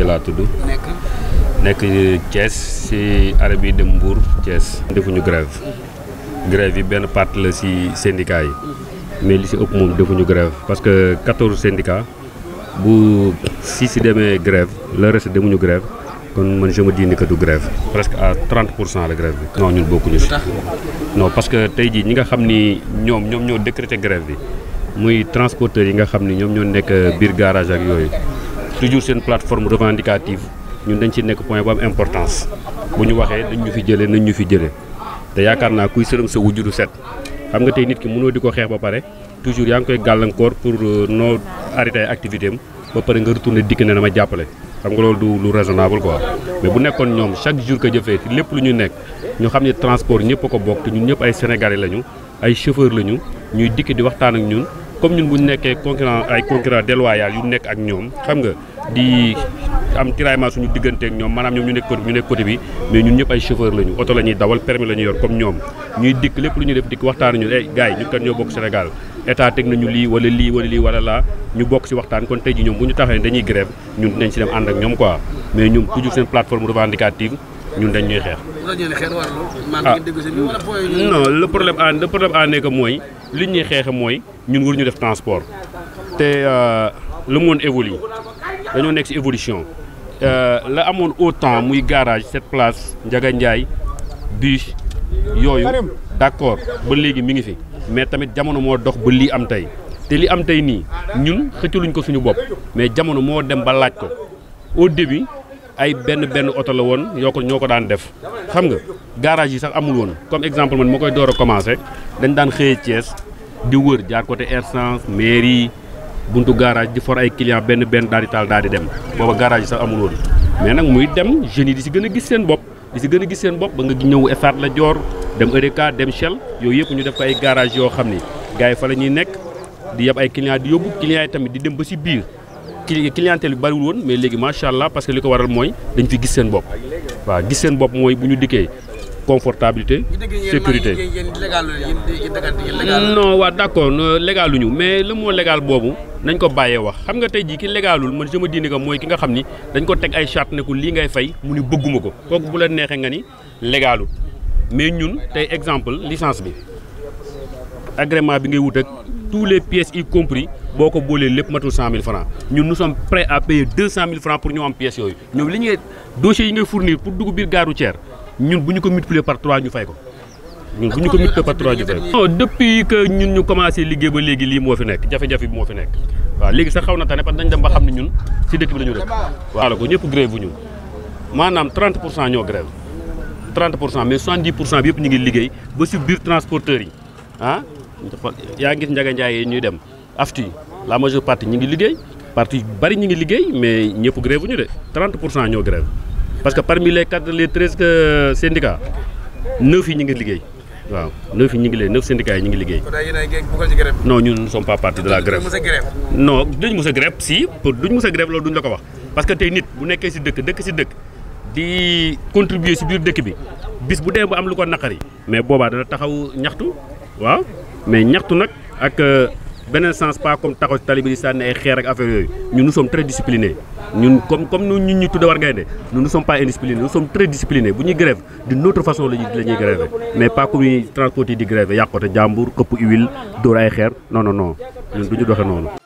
Touré laa tudd. nekk nekk Thiès si arab yi dem Mbour Thiès. defuñu grève grève yi benn part la si syndicat yi mhm. mais li si ëpp moom defuñu grève parce que quatorze syndicats bu si si demee grève le reste demuñu grève kon man je me dis ni que presque à 30 pour cent la grève bi. non ñun bokkuñu si. non parce que tey jii ñi nga xam ni ñoom ñoom ñoo décrété grève bi muy transporteurs yi nga xam ni ñoom ñoo nekk biir garage ak yooyu. toujours seen plateforme revendicative ñun dañ ci nekk point bu am importance bu ñu waxee dañ ñu fi jëlee nañ ñu fi jëlee te yaakaar naa kuy sërëm sa wujju du set xam nga tey nit ki mënoo di ko xeex ba pare toujours yaa ngi koy gàllankoor pour euh, noo arrêté activité ba pare nga retourné dikk ne ma jàppale xam nga loolu du lu raisonnable quoi mais bu nekkoon ñoom chaque jour que jëfee ci lépp lu ñu nekk ñu xam ni transport ñëpp a ko bokk te ñun ñëpp ay sénégalais lañu ay chauffeur lañu ñuy dikk di waxtaan ak ñun comme ñun bu ñu nekkee concurrent ay concurrent déloyal yu nekk ak ñoom xam nga di am tiraillement suñu digganteeg ñoom maanaam ñoom ñu nekk côté ñu nekk côté bi mais ñun ñëpp ay chauffeur lañu oto la ñuy dawal permis la ñuy yor comme ñoom ñuy dikk lépp lu ñuy def dikk waxtaan ñu ay eh, gars yi ñu kat ñoo bokk Sénégal état teg nañu lii wala lii wala lii wala laa ñu bokk si waxtaan kon tey ji ñoom bu ñu taxee dañuy grève ñun dinañ si dem ànd ak ñoom quoi mais ñoom toujours seen plateforme revendicative ñun dañ ñuy xeex. ah non le problème en le problème en est que mooy li ñuy xeexe mooy ñun ñu def transport te euh, le monde évolue dañoo nekk ci évolution euh, la amoon autant muy garage cette place Ndiaga Ndiaye bus yooyu d'accord ba léegi mu ngi fi mais tamit jamono moo dox ba lii am tey te li am tey nii ñun xëccaluñ ko suñu bopp mais jamono moo dem ba laaj ko au début ay benn benn oto la woon yoo ko ñoo ko daan def xam nga garage yi sax amul woon comme exemple man moo koy door a commencer dañ daan xëyee Thiès di wër jaar côté Air France mairie buntu garage di for ay client benn benn daal di taal daal di dem booba garage sax amul mais nag muy dem jeunes yi di si gën a gis seen bopp di si gën a gis seen bopp ba nga ñëw Eiffage la Dior dem Eureka dem Shell yooyu yëpp ñu def ko ay garage yoo xam ni gars yi fa la ñuy nekk di yeb ay client di yóbbu client yi tamit di dem ba si biir clientèle bi bariwul woon mais léegi macha allah parce que li ko waral mooy dañ fi gis seen bopp waaw gis seen bopp mooy bu ñu dikkee confortabilité sécurité non waaw d'accord légaluñu mais le mot légal boobu nañ ko bàyyee wax xam nga tey jii ki légalul man je me dis que mooy ki nga xam ni dañ ko teg ay charte ne ko lii ngay fay mu ni bëgguma ko kooku bu la neexee nga ni légalul mais ñun tey exemple licence bi agrément bi ngay wut ak tous les pièces y compris boo ko boolee lépp matul 100000 francs ñun nous sommes prêts à payer 200000 francs pour ñu am pièces yooyu ñoom li ñuy dossiers yi ngay fournir pour dugg biir gare routière ñun bu ñu ko multiplier par 3 ñu fay ko ñun bu ñu ko multiplié par trois non depuis ñun ñu commencé liggéey ba léegi lii moo fi nekk jafe-jafe bi moo fi nekk waaw léegi sa xaw na tane parce que dañ dem ba xam ne ñun si dëkk bi dañu dëkk waaw la ko ñëpp grève bu ñu maanaam 30 pour cent ñoo grève 30 pour cent mais 70 pour cent bi ñu ngi liggéey ba si biir transporteurs yi ah yaa ngi gis njaga njaay yi ñuy dem aftu la majeure partie ñu ngi liggéey parti bari ñu ngi liggéey mais ñëpp grève ñu de 30 pour cent ñoo grève parce que parmi les quatre les treize euh, syndicats neuf yi ñu ngi liggéey waaw neuf fi ñu ngi leen neuf syndicats yi ñu ngi liggéey. non ñun nous ne sommes pas partie de la grève. non duñ mës a grève si pour duñ mës a grève loolu duñ la ko wax. parce que tey nit bu nekkee si dëkk dëkk si dëkk di contribuer si biir dëkk bi bis bu dee bu am lu ko naqari. mais boobaa dana taxaw ñaxtu waaw mais ñaxtu nag ak. Euh, beneen sens pas comme taxaw si tali bi di sànni ay xeer ak affaire yooyu ñun nous sommes très ñu tudde war ngay de nous ne sommes pas indisciplinés nous sommes très disciplinés bu ñuy grève d'une autre façon la ñuy la ñuy gréver mais pas comme transport yi di gréver yàqote jàmbur këpp huile dóor ay xeer non non non ñun ñu doxe noonu